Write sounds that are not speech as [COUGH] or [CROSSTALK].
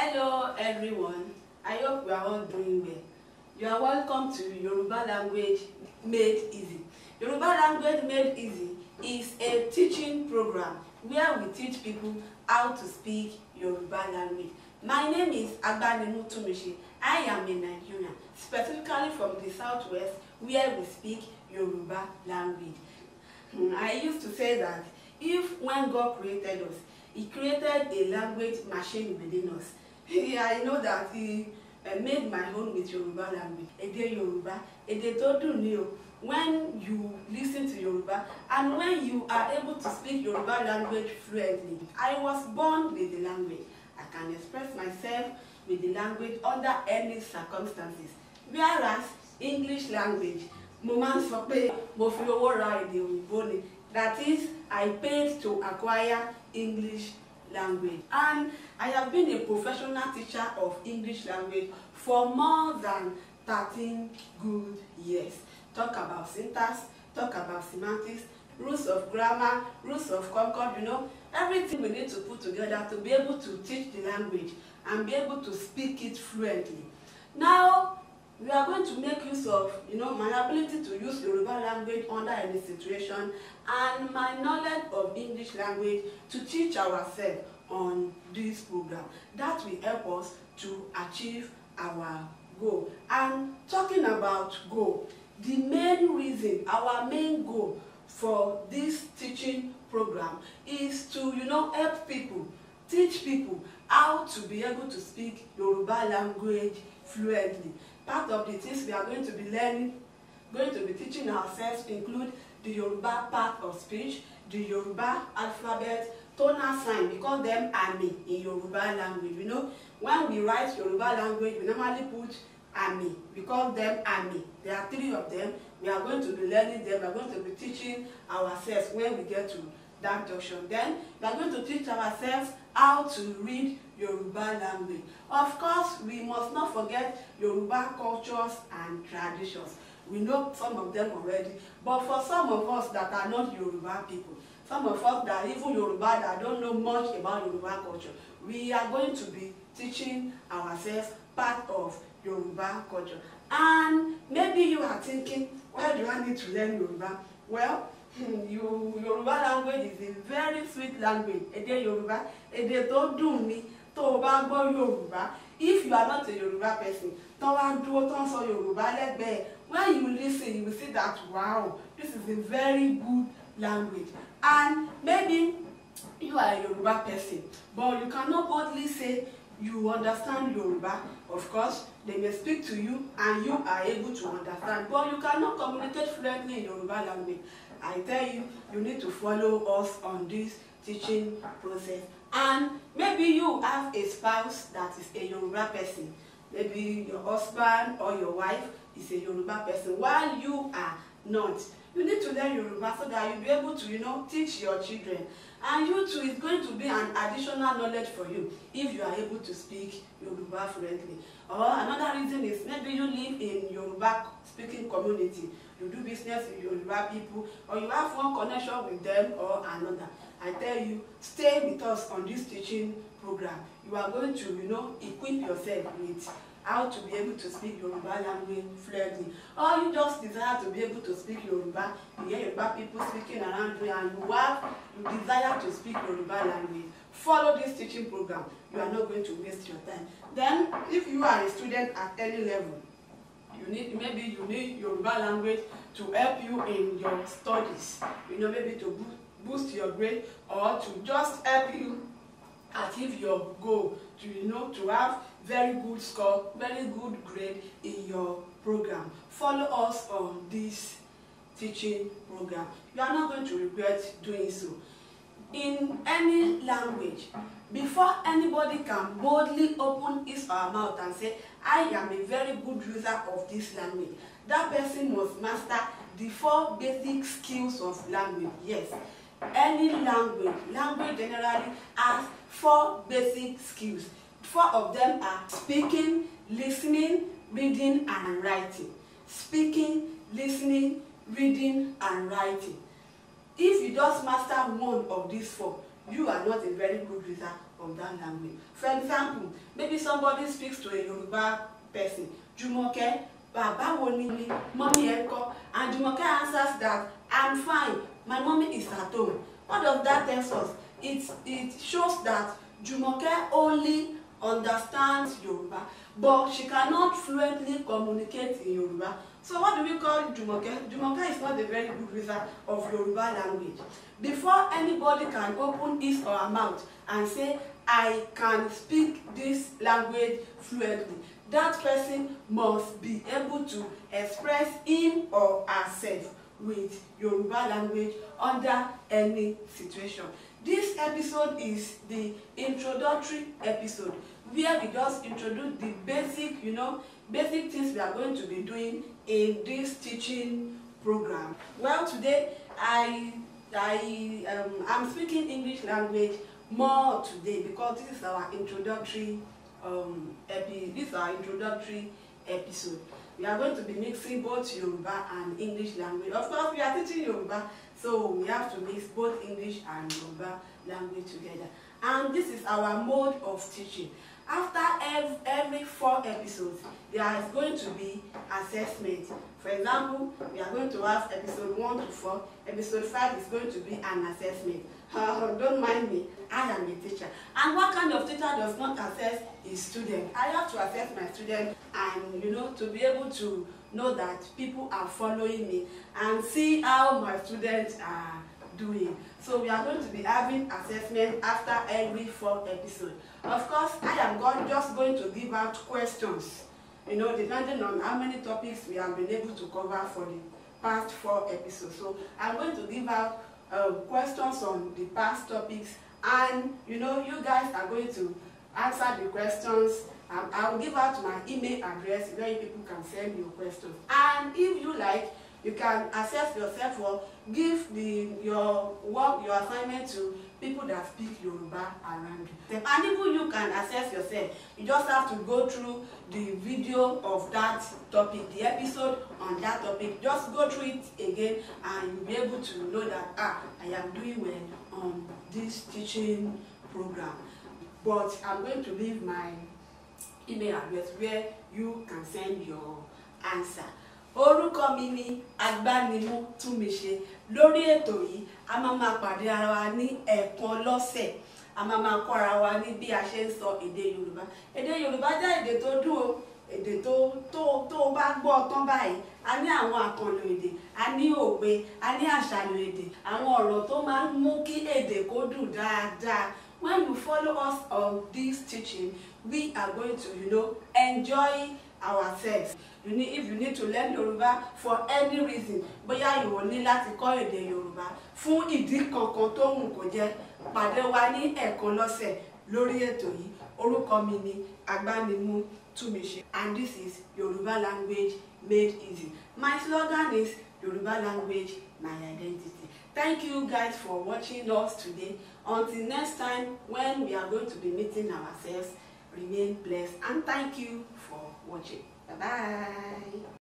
Hello everyone, I hope you are all doing well. You are welcome to Yoruba Language Made Easy. Yoruba Language Made Easy is a teaching program where we teach people how to speak Yoruba language. My name is Agbanemu Tumishi. I am a Nigerian, specifically from the southwest where we speak Yoruba language. Hmm, I used to say that if when God created us, he created a language machine within us [LAUGHS] yeah, I know that he uh, made my home with Yoruba language. Èdè Yoruba, èdè tó dùn ni When you listen to Yoruba and when you are able to speak Yoruba language fluently, I was born with the language. I can express myself with the language under any circumstances. Whereas English language, mo máa ń sọ pé mo fi owó ra èdè òyìnbó ni. That is, I paid to acquire English language language and I have been a professional teacher of English language for more than 13 good years. Talk about syntax, talk about semantics, rules of grammar, rules of concord, you know, everything we need to put together to be able to teach the language and be able to speak it fluently. Now, we are going to make use of, you know, my ability to use Yoruba language under any situation and my knowledge English language to teach ourselves on this program. That will help us to achieve our goal. And talking about goal, the main reason, our main goal for this teaching program is to, you know, help people, teach people how to be able to speak Yoruba language fluently. Part of the things we are going to be learning, going to be teaching ourselves include the Yoruba part of speech, the Yoruba alphabet tonal sign because them àmì in Yoruba language you know when we write Yoruba language we normally put àmì we call them àmì there are three of them we are going to be learning them we are going to be teaching ourselves when we get to that junction then we are going to teach ourselves how to read Yoruba language of course we must not forget Yoruba cultures and traditions We know some of them already. But for some of us that are not Yoruba people, some of us that even Yoruba that don't know much about Yoruba culture, we are going to be teaching ourselves part of Yoruba culture. And maybe you are thinking, why do I need to learn Yoruba? Well, hmm, you, Yoruba language is a very sweet language. Èdè Yoruba, èdè tó dùn ni, tó o bá Yoruba. If you are not a Yoruba person, tó wá ń dúró tó ń sọ yorùbá lẹ́gbẹ̀ẹ́ when you listen you will see that wow this is a very good language and maybe you are a yorùbá person but you cannot boldly say you understand Yoruba, of course, they may speak to you and you are able to understand. But you cannot communicate fluently in Yoruba language. I tell you, you need to follow us on this teaching process. And maybe you have a spouse that is a Yoruba person maybe your husband or your wife is a Yoruba person while you are not you need to learn Yoruba so that you'll be able to you know teach your children and you too is going to be an additional knowledge for you if you are able to speak Yoruba fluently or another reason is maybe you live in Yoruba speaking community you do business with Yoruba people or you have one connection with them or another. I tell you, stay with us on this teaching program. You are going to, you know, equip yourself with how to be able to speak Yoruba language fluently. Or you just desire to be able to speak Yoruba, you hear Yoruba people speaking around you and you have, you desire to speak Yoruba language. Follow this teaching program. You are not going to waste your time. Then, if you are a student at any level, you need maybe you need Yoruba language to help you in your studies you know maybe to boost your grade or to just help you achieve your goal to you know to have very good score very good grade in your program follow us on this teaching program you are not going to regret doing so in any language before anybody can boldly open his or her mouth and say i am a very good user of this language that person must master the four basic skills of language yes any language language generally has four basic skills four of them are speaking lis ten ing reading and writing speaking lis ten ing reading and writing if you just master one of these four you are not a very good reader of that language for example maybe somebody speaks to a yoruba person jumoke babawo ni mommy eko and jumoke answers that i'm fine my mommy is at home what does that tell us it it shows that jumoke only understands Yoruba, but she cannot fluently communicate in Yoruba. So what do we call Jumoke? Jumoke is not a very good reader of Yoruba language. Before anybody can open his or her mouth and say, I can speak this language fluently, that person must be able to express him or herself with Yoruba language under any situation. This episode is the introductory episode where we just introduce the basic, you know, basic things we are going to be doing in this teaching program. Well, today I I um, I'm speaking English language more today because this is our introductory um epi this is our introductory episode. We are going to be mixing both Yoruba and English language. Of course, we are teaching Yoruba So we have to mix both English and Yoruba language together. And this is our mode of teaching. After every four episodes, there is going to be assessment. For example, we are going to have episode one to four. Episode five is going to be an assessment uh, don't mind me i am a teacher and what kind of teacher does not assess his student i have to assess my student and you know to be able to know that people are following me and see how my students are doing so we are going to be having assessment after every four episode of course i am going, just going to give out questions you know depending on how many topics we have been able to cover for the past four episodes so i'm going to give out uh, questions on the past topics and you know you guys are going to answer the questions um, i will give out my email address where people can send your questions and if you like you can assess yourself or give the your work your assignment to people that speak Yoruba around you. And even you can assess yourself. You just have to go through the video of that topic, the episode on that topic. Just go through it again and you'll be able to know that, ah, I am doing well on this teaching program. But I'm going to leave my email address where you can send your answer orúkọ mi ni agbánimú túnmiṣe lórí ètò yìí a máa máa pàdé ara wa ní ẹ̀ẹ̀kan lọ́sẹ̀ a máa máa kọ́ ara wa ní bí a ṣe ń sọ èdè yorùbá èdè yorùbá jẹ́ èdè tó dùn o èdè tó tó tó bá gbọ́ tán báyìí a ní àwọn àkànlò èdè a ní òwe a ní àṣàlò èdè àwọn ọ̀rọ̀ tó máa ń mú kí èdè kó dùn dáadáa when you follow us on this teaching we are going to you know enjoy ourselves you need if you need to learn Yoruba for any reason bóyá ìwọ ní láti kọ́ èdè Yorùbá fún ìdí kankan tó wù kó jẹ́ pàdé wa ní ẹ̀ẹ̀kan lọ́sẹ̀ lórí ètò yìí orúkọ mi ni agbanimu túnmíṣe and this is Yoruba language made easy my slogan is Yoruba language my identity thank you guys for watching us today until next time when we are going to be meeting ourselves remain blessed and thank you for. you. Bye-bye.